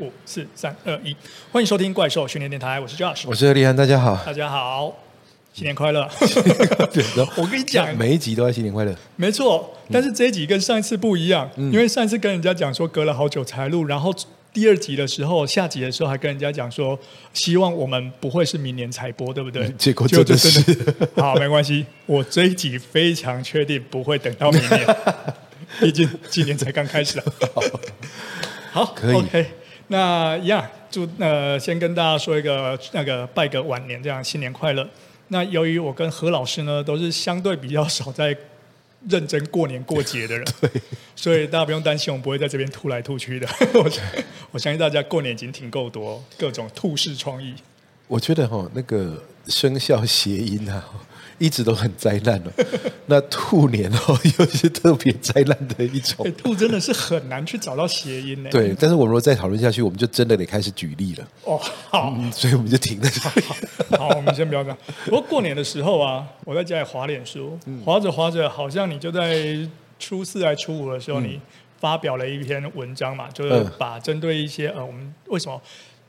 五四三二一，歡迎收聽《怪獸訓練電台》，我是 Josh，我是何立安，大家好，大家好，新年快樂！對的，我跟你講，每一集都在新年快樂，沒錯。但是這一集跟上一次不一樣，嗯、因為上一次跟人家講說隔了好久才錄，然後第二集的時候，下集的時候還跟人家講說，希望我們不會是明年才播，對不對？結果真的是，就，就真的，好，沒關係，我這一集非常確定不會等到明年，畢 竟今年才剛開始了。 好，可以。Okay. 那一樣，祝呃，先跟大家說一個那個拜個晚年，這樣新年快樂。那由於我跟何老師呢，都是相對比較少在認真過年過節的人，對，所以大家不用擔心，我們不會在這邊吐來吐去的。我 我相信大家過年已經挺夠多、哦、各種兔式創意。我覺得哈、哦，那個生肖諧音啊。一直都很災難的、哦， 那兔年哦，又是特別災難的一種、欸。兔真的是很難去找到諧音哎。對，但是我們如果再討論下去，我們就真的得開始舉例了。哦，好，嗯、所以我們就停在這裡。好,好,好，我們先不要講。 不過過年的時候啊，我在家裡滑臉書，滑着滑着，好像你就在初四還是初五的時候，你發表了一篇文章嘛，嗯、就是把針對一些呃，我們為什麼？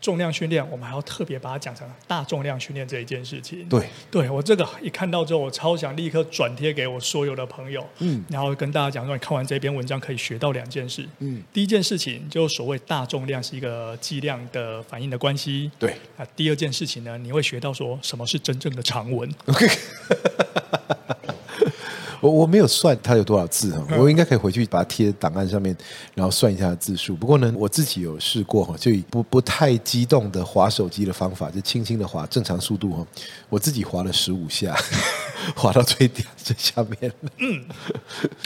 重量訓練，我們還要特別把它講成大重量訓練這一件事情。對，對，我這個一看到之後，我超想立刻轉貼給我所有的朋友，嗯，然後跟大家講說，你看完這篇文章可以學到兩件事，嗯，第一件事情就所謂大重量是一個劑量的反應的關係，對啊，第二件事情呢，你會學到說什麼是真正的長文。Okay. 我我沒有算它有多少字哈，我應該可以回去把它貼檔案上面，然後算一下字數。不過呢，我自己有試過哈，就以不不太激動的滑手機的方法，就輕輕的滑，正常速度哦，我自己滑了十五下，滑到最底下最下面，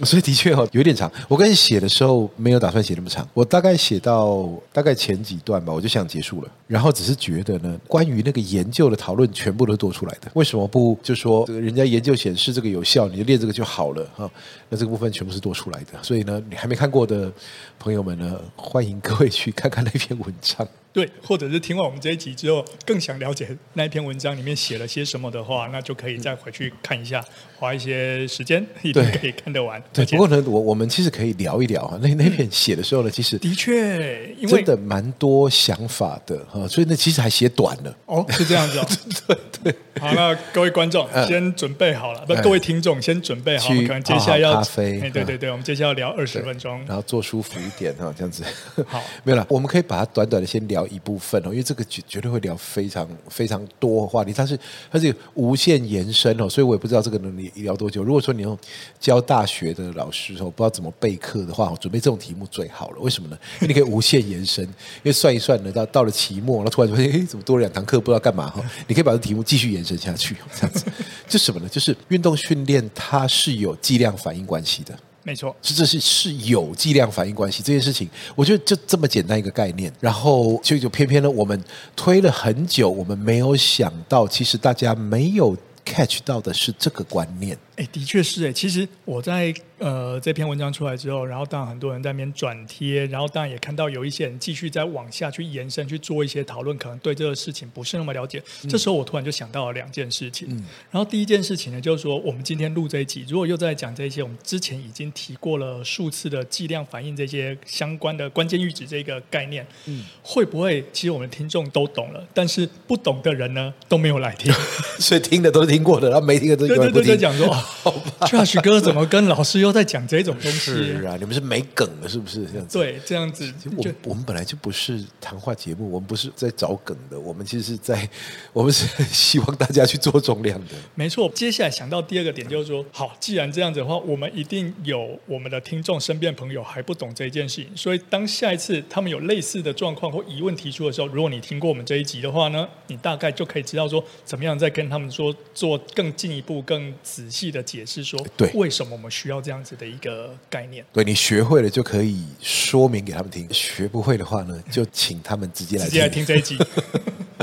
所以的確哈，有點長。我剛才寫的時候沒有打算寫那麼長，我大概寫到大概前幾段吧，我就想結束了。然後只是覺得呢，關於那個研究的討論，全部都是多出來的，為什麼不就說人家研究顯示這個有效，你就練這個就？就好了哈，那這個部分全部是多出來的，所以呢，你還沒看過的朋友們呢，歡迎各位去看看那篇文章。對，或者是聽完我們這一集之後，更想了解那一篇文章裡面寫了些什麼的話，那就可以再回去看一下，花一些時間也可以看得完。對，對不過呢，我我們其實可以聊一聊啊，那、嗯、那篇寫的時候呢，其實的確因為真的蠻多想法的，的所以那其實還寫短了。哦，是這樣子。哦。 對對。好，那各位觀眾先準備好了，嗯，不，各位聽眾、嗯、先準備好了，可能接下來要咖啡。哎，對對對，對，對，啊，我們接下來要聊二十分鐘。然後坐舒服一點哈，這樣子。 好。沒有了，我們可以把它短短的先聊一部分哦，因為這個絕絕對會聊非常非常多的話題，但是它是，它是無限延伸哦，所以我也不知道這個能聊多久。如果說你要教大學的老師哦，不知道怎麼備課的話，準備這種題目最好了。為什麼呢？因為你可以無限延伸，因為算一算呢，到到了期末，那突然發現，欸，怎麼多了兩堂課，不知道要幹嘛哈？你可以把這題目繼續延伸下去，這樣子。就什麼呢？就是運動訓練它是有劑量反應關係的。沒錯，是這是是有劑量反應關係這件事情，我覺得就這麼簡單一個概念，然後就就偏偏呢，我們推了很久，我們沒有想到，其實大家沒有 catch 到的是這個觀念。哎，的確是哎。其實我在呃這篇文章出來之後，然後當然很多人在那邊轉貼，然後當然也看到有一些人繼續在往下去延伸去做一些討論，可能對這個事情不是那麼了解。嗯、這時候我突然就想到了兩件事情，嗯。然後第一件事情呢，就是說我們今天錄這一集，如果又在講這些，我們之前已經提過了數次的劑量反應這些相關的關鍵閾值這個概念，嗯、會不會其實我們聽眾都懂了，但是不懂的人呢都沒有來聽， 所以聽的都是聽過的，然後沒聽的都是聽，對對對，對講說 好吧，Trash 哥怎麼跟老師又在講這種東西？是啊，你們是沒梗的，是不是這樣子？對，這樣子。我就我們本來就不是談話節目，我們不是在找梗的，我們其實是在，我們是希望大家去做重量的。沒錯，接下來想到第二個點就是說，好，既然這樣子的話，我們一定有我們的聽眾身邊朋友還不懂這一件事情，所以當下一次他們有類似的狀況或疑問提出的時候，如果你聽過我們這一集的話呢，你大概就可以知道說怎麼樣再跟他們說，做更進一步、更仔細的。的解釋說，對，為什麼我們需要這樣子的一個概念？對，對你學會了就可以說明給他們聽，學不會的話呢，就請他們直接來聽，直接來聽這一集。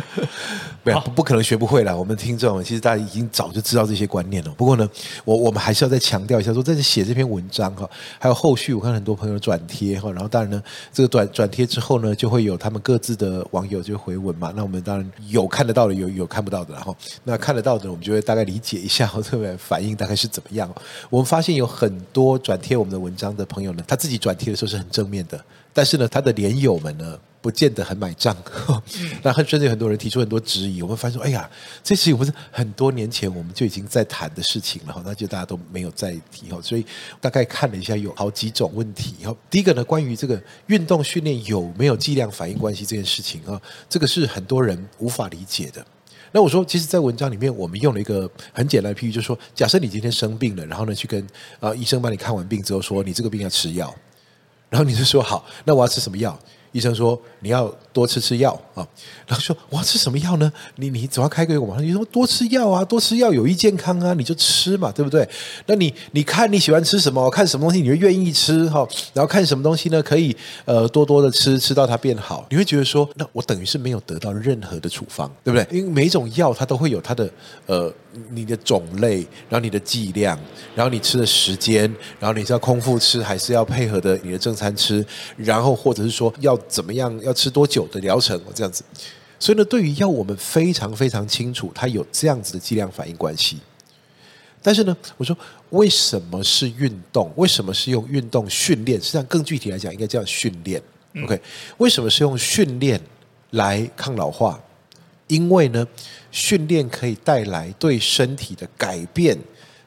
沒有不，不可能學不會了。我們聽眾其實大家已經早就知道這些觀念了。不過呢，我我們還是要再強調一下說，說在這寫這篇文章哈，還有後續，我看很多朋友轉貼哈。然後當然呢，這個轉轉貼之後呢，就會有他們各自的網友就回文嘛。那我們當然有看得到的，有有看不到的。然後那看得到的，我們就會大概理解一下，特別反應大概是怎麼樣。我們發現有很多轉貼我們的文章的朋友呢，他自己轉貼的時候是很正面的，但是呢，他的臉友們呢？不見得很買賬， 那很甚至很多人提出很多質疑。我們發現說，哎呀，這些不是很多年前我們就已經在談的事情了,那就大家都沒有再提。所以大概看了一下，有好幾種問題。第一個呢，關於這個運動訓練有沒有劑量反應關係這件事情啊，這個是很多人無法理解的。那我說，其實，在文章裡面我們用了一個很簡單的比喻，就是說，假設你今天生病了，然後呢，去跟啊醫生幫你看完病之後說，說你這個病要吃藥，然後你就說，好，那我要吃什麼藥？醫生說你要多吃吃藥啊，然後說我要吃什麼藥呢？你你總要開給我嘛？你說多吃藥啊，多吃藥有益健康啊，你就吃嘛，對不對？那你你看你喜歡吃什麼？看什麼東西你就願意吃哈？然後看什麼東西呢，可以呃多多的吃，吃到它變好。你會覺得說，那我等於是沒有得到任何的處方，對不對？因為每種藥它都會有它的呃你的種類，然後你的劑量，然後你吃的時間，然後你是要空腹吃還是要配合的你的正餐吃，然後或者是說要怎麼樣，要吃多久？有的療程這樣子，所以呢，對於藥我們非常非常清楚，它有這樣子的劑量反應關係。但是呢，我說為什麼是運動？為什麼是用運動訓練？實際上更具體來講，應該叫訓練。OK，為什麼是用訓練來抗老化？因為呢，訓練可以帶來對身體的改變。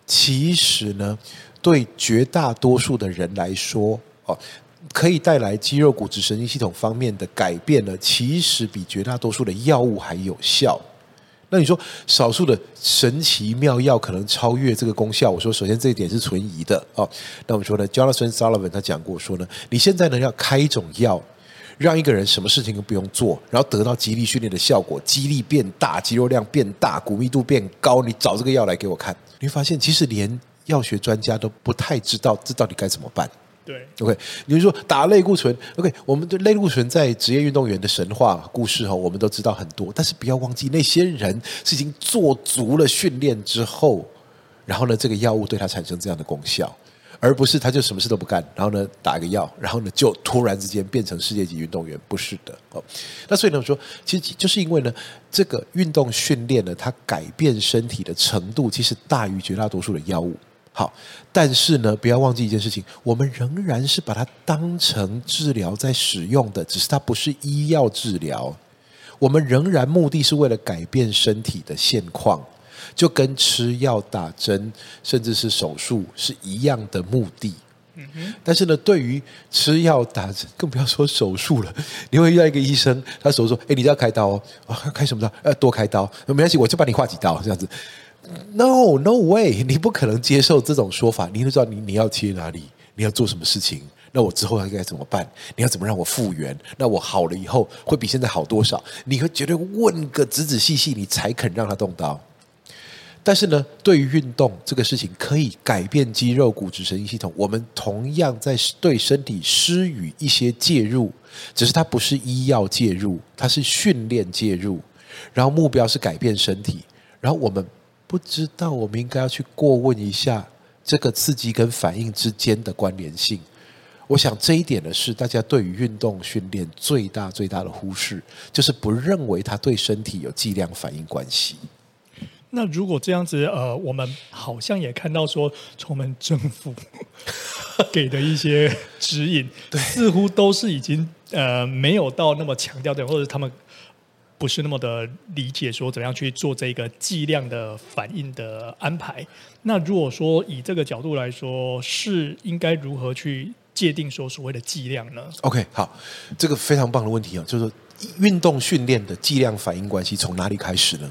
其實呢，對絕大多數的人來說，哦。可以帶來肌肉、骨質、神經系統方面的改變呢，其實比絕大多數的藥物還有效。那你說，少數的神奇妙藥可能超越這個功效。我說，首先這一點是存疑的。哦，那我們說呢，Jonathan Sullivan 他講過說呢，你現在呢要開一種藥，讓一個人什麼事情都不用做，然後得到肌力訓練的效果，肌力變大，肌肉量變大，骨密度變高。你找這個藥來給我看，你會發現，其實連藥學專家都不太知道這到底該怎麼辦。對，OK，你是說打類固醇？OK，我們對類固醇在職業運動員的神話故事哈，我們都知道很多，但是不要忘記那些人是已經做足了訓練之後，然後呢，這個藥物對他產生這樣的功效，而不是他就什麼事都不幹，然後呢打一個藥，然後呢就突然之間變成世界級運動員，不是的哦。那所以呢，我說其實就是因為呢，這個運動訓練呢，它改變身體的程度其實大於絕大多數的藥物。好，但是呢，不要忘記一件事情，我們仍然是把它當成治療在使用的，只是它不是醫藥治療，我們仍然目的是為了改變身體的現況，就跟吃藥、打針，甚至是手術是一樣的目的、嗯哼。但是呢，對於吃藥、打針，更不要說手術了。你會遇到一個醫生，他手術說：“誒、欸，你要開刀哦、啊，開什麼刀？呃，多開刀。沒關係，我就幫你划幾刀，這樣子。” No, no way！你不可能接受這種說法。你知道你，你你要切哪裡？你要做什麼事情？那我之後要該怎麼辦？你要怎麼讓我復原？那我好了以後會比現在好多少？你會覺得問個仔仔細細，你才肯讓他動刀。但是呢，對於運動這個事情，可以改變肌肉、骨質、神經系統。我們同樣在對身體施予一些介入，只是它不是醫藥介入，它是訓練介入。然後目標是改變身體。然後我們。不知道我們應該要去過問一下這個刺激跟反應之間的關聯性。我想這一點呢，是，大家對於運動訓練最大最大的忽視，就是不認為它對身體有劑量反應關係。那如果這樣子，呃，我們好像也看到說，從我們政府給的一些指引，對似乎都是已經呃沒有到那麼強調的，或者他們。不是那麼的理解，說怎麼樣去做這個劑量的反應的安排。那如果說以這個角度來說，是應該如何去界定說所謂的劑量呢？OK，好，這個非常棒的問題啊、哦，就是說運動訓練的劑量反應關係從哪裡開始呢？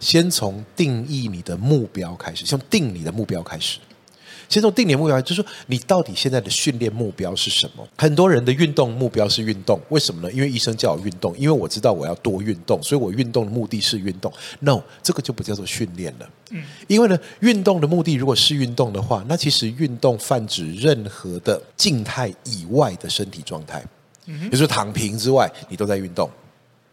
先從定義你的目標開始，先定你的目標開始。其實我定的目標就是說，你到底現在的訓練目標是什麼？很多人的運動目標是運動，為什麼呢？因為醫生叫我運動，因為我知道我要多運動，所以我運動的目的是運動。No，這個就不叫做訓練了。嗯，因為呢，運動的目的如果是運動的話，那其實運動泛指任何的靜態以外的身體狀態，比如說躺平之外，你都在運動。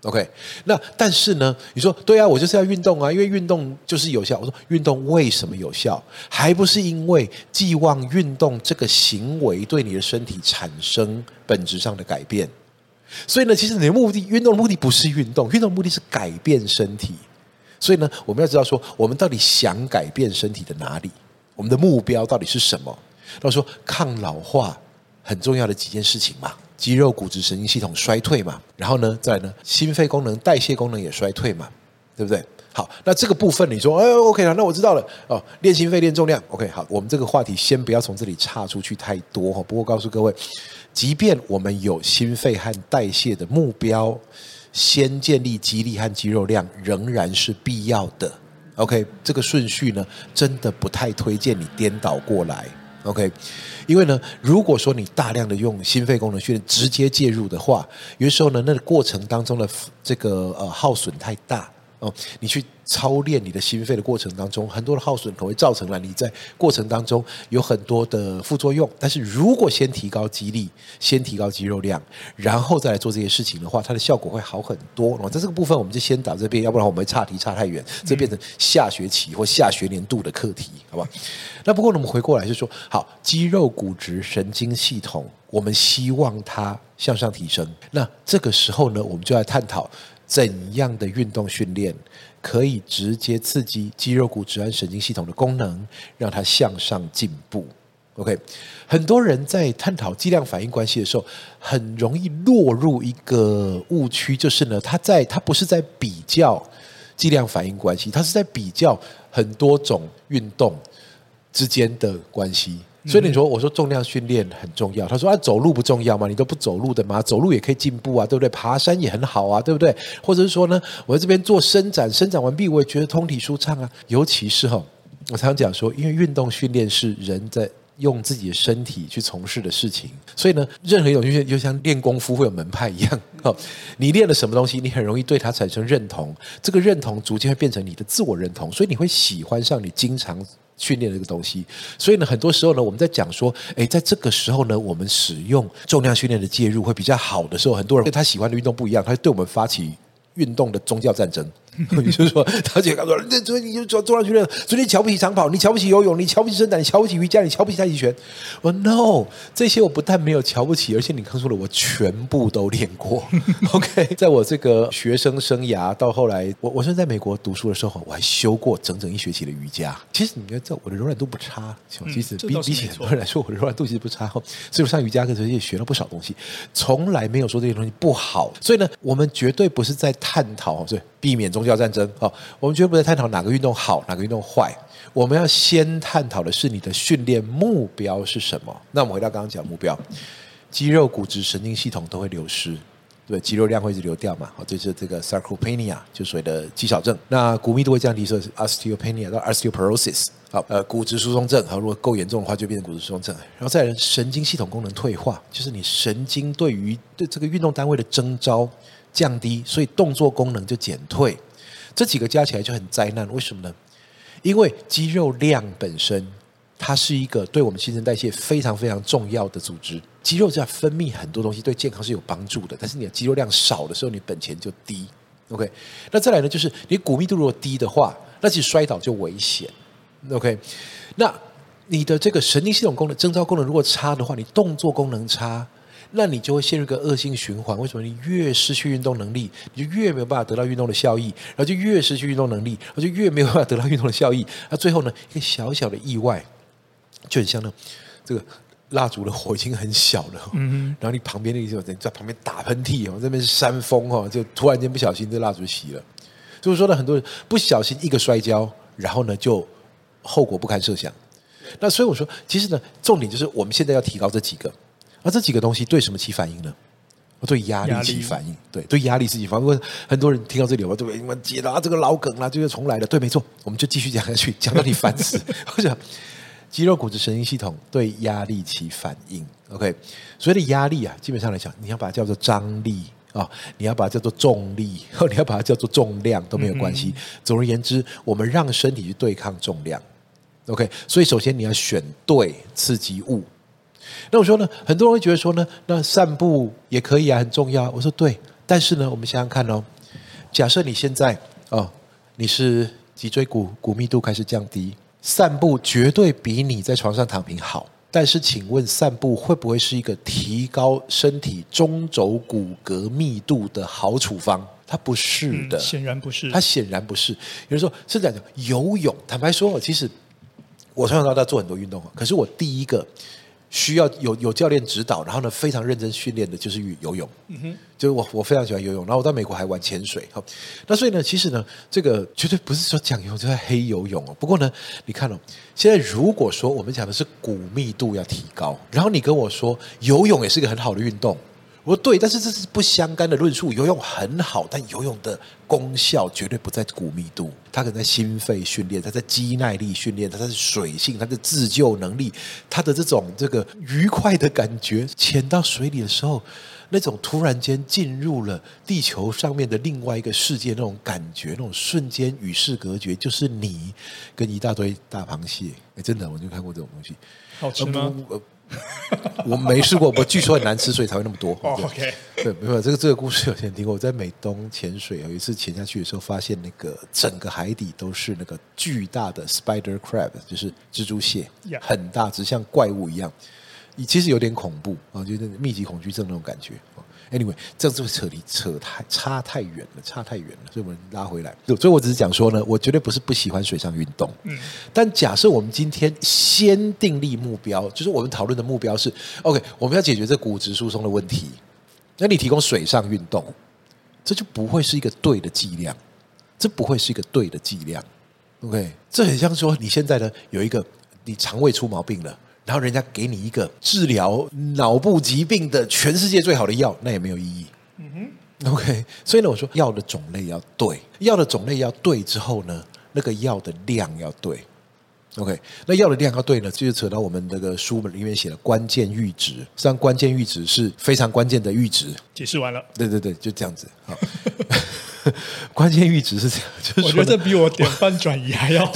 OK，那但是呢，你說對啊，我就是要運動啊，因為運動就是有效。我說，運動為什麼有效？還不是因為寄望運動這個行為對你的身體產生本質上的改變。所以呢，其實你的目的，運動的目的不是運動，運動的目的是改變身體。所以呢，我們要知道說，我們到底想改變身體的哪裡？我們的目標到底是什麼？他說，抗老化很重要的幾件事情嘛。肌肉、骨質、神經系統衰退嘛，然後呢，再來呢，心肺功能、代謝功能也衰退嘛，對不對？好，那這個部分你說，欸，哎，OK 了，那我知道了哦。練心肺、練重量，OK。好，我們這個話題先不要從這裡岔出去太多哈。不過告訴各位，即便我們有心肺和代謝的目標，先建立肌力和肌肉量仍然是必要的。OK，這個順序呢，真的不太推薦你顛倒過來。OK，因為呢，如果說你大量的用心肺功能訓練直接介入的話，有時候呢，那個過程當中的這個呃耗損太大。哦、嗯，你去操練你的心肺的過程當中，很多的耗損，可能會造成了你在過程當中有很多的副作用。但是如果先提高肌力，先提高肌肉量，然後再來做這些事情的話，它的效果會好很多。哦，在這個部分，我們就先打這邊，要不然我們會差題差太遠，這變成下學期或下學年度的課題，好吧？嗯、那不過呢，我們回過來就說，好，肌肉、骨質、神經系統，我們希望它向上提升。那這個時候呢，我們就要來探討。怎樣的運動訓練可以直接刺激肌肉骨質和神經系統的功能，讓它向上進步？OK，很多人在探討劑量反應關係的時候，很容易落入一個誤區，就是呢，他在他不是在比較劑量反應關係，他是在比較很多種運動之間的關係。所以你說，我說重量訓練很重要。他說啊，走路不重要嗎？你都不走路的嗎？走路也可以進步啊，對不對？爬山也很好啊，對不對？或者是說呢，我在這邊做伸展，伸展完畢，我也覺得通體舒暢啊。尤其是哈，我常常講說，因為運動訓練是人在用自己的身體去從事的事情，所以呢，任何一種訓練就像練功夫會有門派一樣。哈，你練了什麼東西，你很容易對它產生認同，這個認同逐漸會變成你的自我認同，所以你會喜歡上你經常訓練這個東西，所以呢，很多時候呢，我們在講說，哎，在這個時候呢，我們使用重量訓練的介入會比較好的時候，很多人跟他喜歡的運動不一樣，他就對我們發起運動的宗教戰爭。你就 說，他姐剛說，那昨天你就坐坐上去練，昨天你瞧不起長跑，你瞧不起游泳，你瞧不起伸展，你瞧不起瑜伽，你瞧不起太極拳。我說 no，這些我不但沒有瞧不起，而且你剛說了我全部都練過。 OK，在我這個學生生涯到後來，我我現在在美國讀書的時候，我還修過整整一學期的瑜伽。其實你看，這我的柔軟度不差，其實比、嗯、比起很多人來說，我的柔軟度其實不差。所以我上瑜伽課時候也學了不少東西，從來沒有說這些東西不好。所以呢，我們絕對不是在探討，所以避免中。要戰爭好，我們絕不再探討哪個運動好，哪個運動壞。我們要先探討的是你的訓練目標是什麼？那我們回到剛剛講目標，肌肉、骨質、神經系統都會流失。對，肌肉量會一直流掉嘛。好，就是這個 sarcopenia 就所謂的肌少症。那骨密度會降低，所以是 osteopenia 到 osteoporosis。好，呃，骨質疏鬆症。好，如果夠嚴重的話，就變成骨質疏鬆症。然後再來神經系統功能退化，就是你神經對於對這個運動單位的徵召降低，所以動作功能就減退。這幾個加起來就很災難，為什麼呢？因為肌肉量本身，它是一個對我們新陳代謝非常非常重要的組織。肌肉在分泌很多東西，對健康是有幫助的。但是你的肌肉量少的時候，你本錢就低。OK，那再來呢，就是你骨密度如果低的話，那其實摔倒就危險。OK，那你的這個神經系統功能、徵召功能如果差的話，你動作功能差。那你就會陷入個惡性循環。為什麼你越失去運動能力，你就越沒有辦法得到運動的效益，然後就越失去運動能力，然後就越沒有辦法得到運動的效益。那最後呢，一個小小的意外，就很像呢，這個蠟燭的火已經很小了，嗯，然後你旁邊那個就在旁邊打噴嚏，這邊是扇風哦，就突然間不小心這蠟燭就熄了。就是說呢，很多人不小心一個摔跤，然後呢就後果不堪設想。那所以我說，其實呢，重點就是我們現在要提高這幾個。那、啊、這幾個東西對什麼起反應呢？對壓力起反應，對對壓力自己反應。很多人聽到這裡，我都被你們解答這個老梗啊這要、個、重來了。對，沒錯，我們就繼續講下去，講到你煩死。 或者肌肉、骨質、神經系統對壓力起反應。OK，所謂的壓力啊，基本上來講，你要把它叫做張力啊、哦，你要把它叫做重力，哦、你要把它叫做重量都沒有關係嗯嗯。總而言之，我們讓身體去對抗重量。OK，所以首先你要選對刺激物。那我說呢，很多人會覺得說呢，那散步也可以啊，很重要。我說對，但是呢，我們想想看哦，假設你現在哦，你是脊椎骨骨密度開始降低，散步絕對比你在床上躺平好。但是，請問散步會不會是一個提高身體中軸骨骼密度的好處方？它不是的，嗯，顯然不是。它顯然不是。有人說是這樣講，游泳。坦白說，其實我從小到大做很多運動啊，可是我第一個。需要有有教練指導，然後呢非常認真訓練的，就是游泳。嗯哼，就是我我非常喜歡游泳，然後我在美國還玩潛水哈。那所以呢，其實呢，這個絕對不是說講游泳就在黑游泳哦。不過呢，你看哦，現在如果說我們講的是骨密度要提高，然後你跟我說游泳也是一個很好的運動。我對，但是這是不相干的論述。游泳很好，但游泳的功效絕對不在骨密度，它可能在心肺訓練，它在肌耐力訓練，它在水性，它的自救能力，它的這種這個愉快的感覺，潛到水裡的時候，那種突然間進入了地球上面的另外一個世界那種感覺，那種瞬間與世隔絕，就是你跟一大堆大螃蟹。哎，真的，我就看過這種東西，好吃嗎？呃 我沒試過，我據說很難吃，所以才會那麼多。對 oh, OK，對，沒有這個這個故事有先聽過。我在美東潛水，有一次潛下去的時候，發現那個整個海底都是那個巨大的 spider crab，就是蜘蛛蟹，yeah. 很大隻，像怪物一樣，其實有點恐怖啊，就是密集恐懼症那種感覺。Anyway，這樣就會扯離扯太差太遠了，差太遠了，所以我們拉回來。所以，我只是講說呢，我絕對不是不喜歡水上運動。嗯，但假設我們今天先訂立目標，就是我們討論的目標是 OK，我們要解決這骨質疏鬆的問題。那你提供水上運動，這就不會是一個對的劑量，這不會是一個對的劑量。OK，這很像說你現在呢有一個你腸胃出毛病了。然後人家給你一個治療腦部疾病的全世界最好的藥，那也沒有意義。嗯哼，OK。所以呢，我說藥的種類要對，藥的種類要對之後呢，那個藥的量要對。OK，那藥的量要對呢，就是、扯到我們那個書本裡面寫的“關鍵閾值”。實際上，關鍵閾值是非常關鍵的閾值。解釋完了。對對對，就這樣子好， 關鍵閾值是這樣，就是說我覺得這比我典範轉移還要。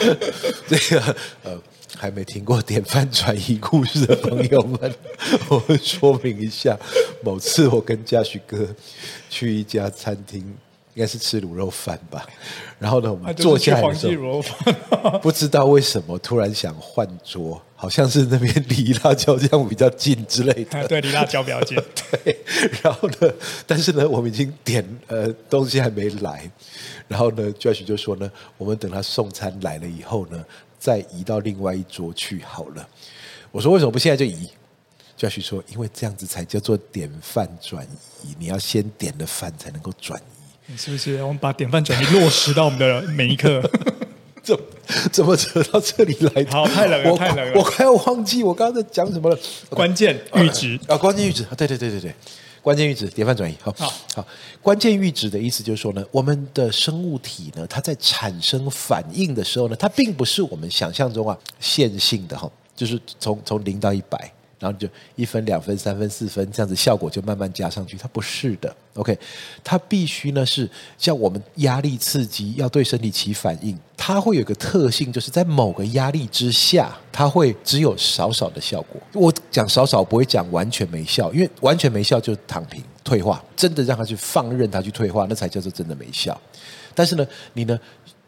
這個呃。還沒聽過典範轉移故事的朋友們，我會說明一下，某次我跟嘉許哥去一家餐廳。應該是吃滷肉飯吧，然後呢，我們坐下來的時候，不知道為什麼突然想換桌，好像是那邊離辣椒醬比較近之類的。對，離辣椒比較近。對，然後呢，但是呢，我們已經點呃東西還沒來，然後呢，Joshua 就說呢，我們等他送餐來了以後呢，再移到另外一桌去好了。我說，為什麼不現在就移？Joshua 說，因為這樣子才叫做點飯轉移，你要先點了飯才能夠轉移。是不是我們把典範轉移落實到我們的每一刻？怎麼怎麼扯到這裡來？好，太冷了，我太冷了，我快要忘記我剛剛在講什麼了。關鍵閾值啊，關鍵閾值，對對對對對，關鍵閾值，典範轉移。好，好，好，關鍵閾值的意思就是說呢，我們的生物體呢，它在產生反應的時候呢，它並不是我們想象中啊線性的哈，就是從從零到一百。然後就一分兩分三分四分這樣子，效果就慢慢加上去。它不是的，OK？它必須呢是像我們壓力刺激要對身體起反應，它會有一個特性，就是在某個壓力之下，它會只有少少的效果。我講少少不會講完全沒效，因為完全沒效就是躺平退化，真的讓它去放任它去退化，那才叫做真的沒效。但是呢，你呢？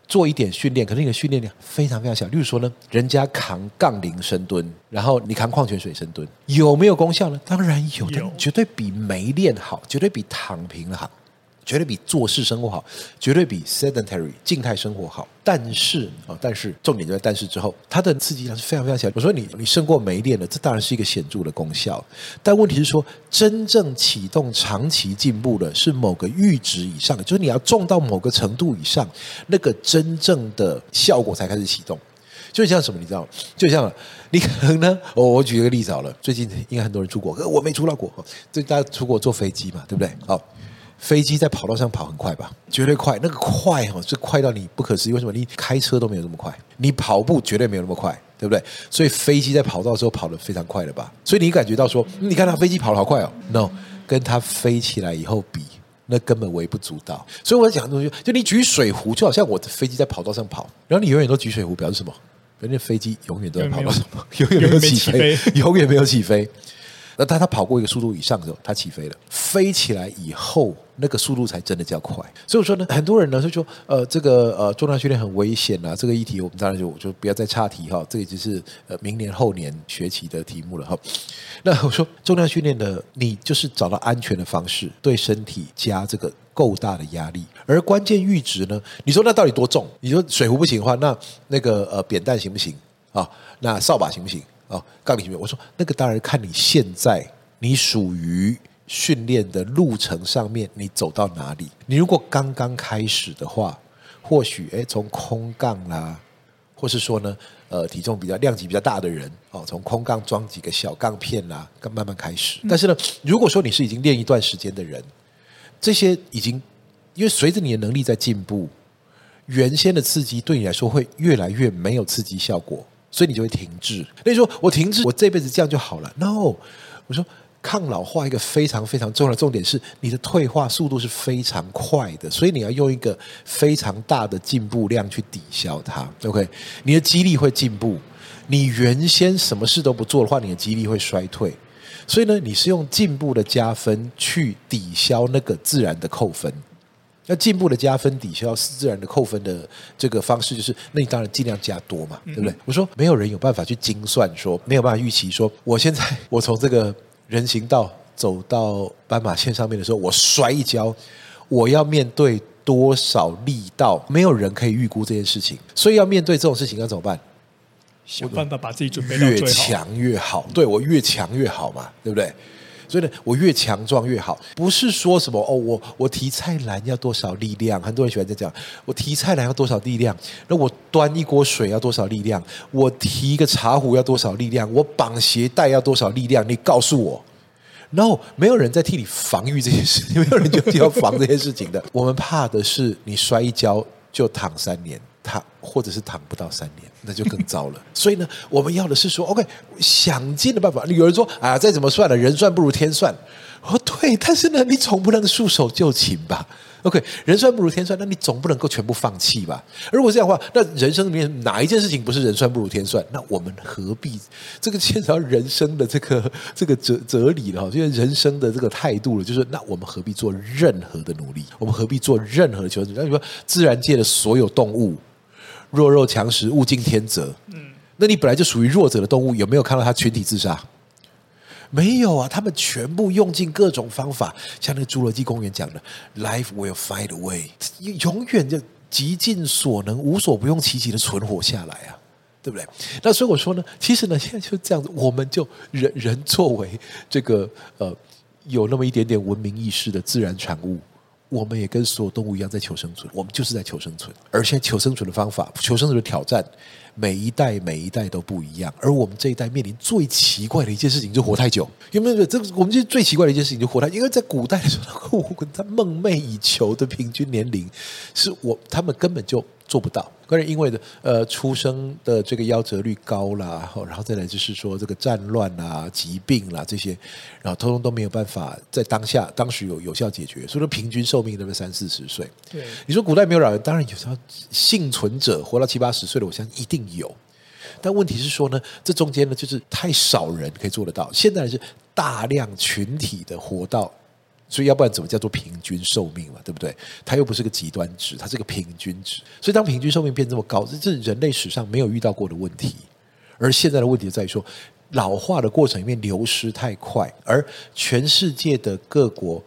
做一點訓練，可是你的訓練量非常非常小。例如說呢，人家扛槓鈴深蹲，然後你扛礦泉水深蹲，有沒有功效呢？當然有的，絕對比沒練好，絕對比躺平好。絕對比坐式生活好，絕對比 sedentary 靜態生活好。但是啊，但是重點就在但是之後，它的刺激量是非常非常小。我說你你勝過沒練的，這當然是一個顯著的功效。但問題是說，真正啟動長期進步的，是某個閾值以上的，就是你要重到某個程度以上，那個真正的效果才開始啟動。就像什麼，你知道嗎？就像你可能呢，我、哦、我舉一個例子好了，最近應該很多人出國，我沒出到國，所以大家出國坐飛機嘛，對不對？好。飛機在跑道上跑很快吧？絕對快，那個快哦，是快到你不可思議。為什麼你開車都沒有那麼快，你跑步絕對沒有那麼快，對不對？所以飛機在跑道的時候跑得非常快了吧？所以你感覺到說，你看它飛機跑得好快哦，no，跟它飛起來以後比，那根本微不足道。所以我講的東西，就你舉水壺，就好像我的飛機在跑道上跑，然後你永遠都舉水壺，表示什麼？表示飛機永遠都在跑道上跑，永遠沒有起飛，永遠沒起飛，永遠沒有起飛。 那當它跑過一個速度以上的時候，它起飛了，飛起來以後。那個速度才真的叫快，所以說呢，很多人呢就說，呃，這個呃，重量訓練很危險啊。這個議題我們當然就我就不要再插題哈，這已經是呃明年後年學習的題目了哈。那我說，重量訓練的你就是找到安全的方式，對身體加這個夠大的壓力，而關鍵閾值呢，你說那到底多重？你說水壺不行的話，那那個呃扁擔行不行啊？那掃把行不行啊？槓鈴行不行啊？我說那個當然看你現在你屬於。訓練的路程上面，你走到哪裡？你如果剛剛開始的話，或許哎，從空槓啦，或是說呢，呃，體重比較量級比較大的人哦，從空槓裝幾個小槓片啦，跟慢慢開始。嗯。但是呢，如果說你是已經練一段時間的人，這些已經因為隨着你的能力在進步，原先的刺激對你來說會越來越沒有刺激效果，所以你就會停滯。那你說我停滯，我這輩子這樣就好了？No，我說。抗老化一個非常非常重要的重點是，你的退化速度是非常快的，所以你要用一個非常大的進步量去抵消它。OK，你的肌力會進步，你原先什麼事都不做的話，你的肌力會衰退，所以呢，你是用進步的加分去抵消那個自然的扣分。那進步的加分抵消是自然的扣分的這個方式，就是那你當然盡量加多嘛，對不對？我說沒有人有辦法去精算，說沒有辦法預期，說我現在我從這個。人行道走到斑馬線上面的時候，我摔一跤，我要面對多少力道？沒有人可以預估這件事情，所以要面對這種事情要怎麼辦？我想辦法把自己準備好，越強越好。對，我越強越好嘛，對不對？所以呢，我越強壯越好，不是說什麼哦，我我提菜籃要多少力量？很多人喜歡在講，我提菜籃要多少力量？那我端一鍋水要多少力量？我提一個茶壺要多少力量？我綁鞋帶要多少力量？你告訴我。然後沒有人在替你防禦這些事情，沒有人就要防這些事情的。 我們怕的是你摔一跤就躺三年。他或者是談不到三年，那就更糟了。 所以呢，我們要的是說，OK，想盡的辦法。有人說啊，再怎麼算了，人算不如天算。我說對，但是呢，你總不能束手就擒吧？OK，人算不如天算，那你總不能夠全部放棄吧？而如果這樣的話，那人生裡面哪一件事情不是人算不如天算？那我們何必這個牽扯到人生的這個這個哲哲理了？就是人生的這個態度了，就是那我們何必做任何的努力？我們何必做任何的求？那你說，自然界的所有動物？弱肉強食，物競天擇。嗯，那你本來就屬於弱者的動物，有沒有看到它群體自殺？沒有啊，他們全部用盡各種方法，像那《侏羅紀公園》講的，“life will find a way”，永遠就極盡所能，無所不用其極的存活下來啊，對不對？那所以我說呢，其實呢，現在就這樣子，我們就人人作為這個呃，有那麼一點點文明意識的自然產物。我們也跟所有動物一樣在求生存，我們就是在求生存，而且求生存的方法、求生存的挑戰，每一代每一代都不一樣。而我們這一代面臨最奇怪的一件事情就，就活太久。有沒有？這我們覺得最奇怪的一件事情就活太久，因為在古代的時候，我跟他夢寐以求的平均年齡，是我他們根本就，做不到，可是因為的呃出生的這個夭折率高了，然後再來就是說這個戰亂啦、啊、疾病啦、啊、這些，然後通通都沒有辦法在當下當時有有效解決，所以說平均壽命那是三四十歲。你說古代沒有老人，當然有時候倖存者活到七八十歲的，我相信一定有。但問題是說呢，這中間呢就是太少人可以做得到，現在是大量群體的活到。所以要不然怎麼叫做平均壽命嘛？對不對？它又不是個極端值，它是個平均值。所以當平均壽命變這麼高，這是人類史上沒有遇到過的問題。而現在的問題在於說，老化的過程裡面流失太快，而全世界的各國。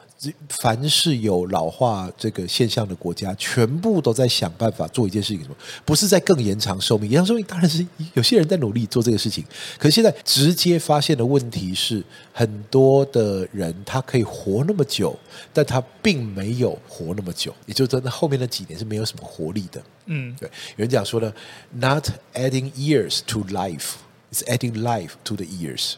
凡是有老化這個現象的國家，全部都在想辦法做一件事情，什麼？不是在更延長壽命？延長壽命當然是有些人在努力做這個事情。可是現在直接發現的問題是，很多的人他可以活那麼久，但他並沒有活那麼久，也就是真的後面那幾年是沒有什麼活力的。嗯，對。有人講說呢，not adding years to life it's adding life to the years。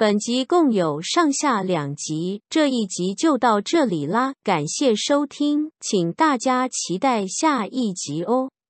本集共有上下兩集，這一集就到這裡啦。感謝收聽，請大家期待下一集哦。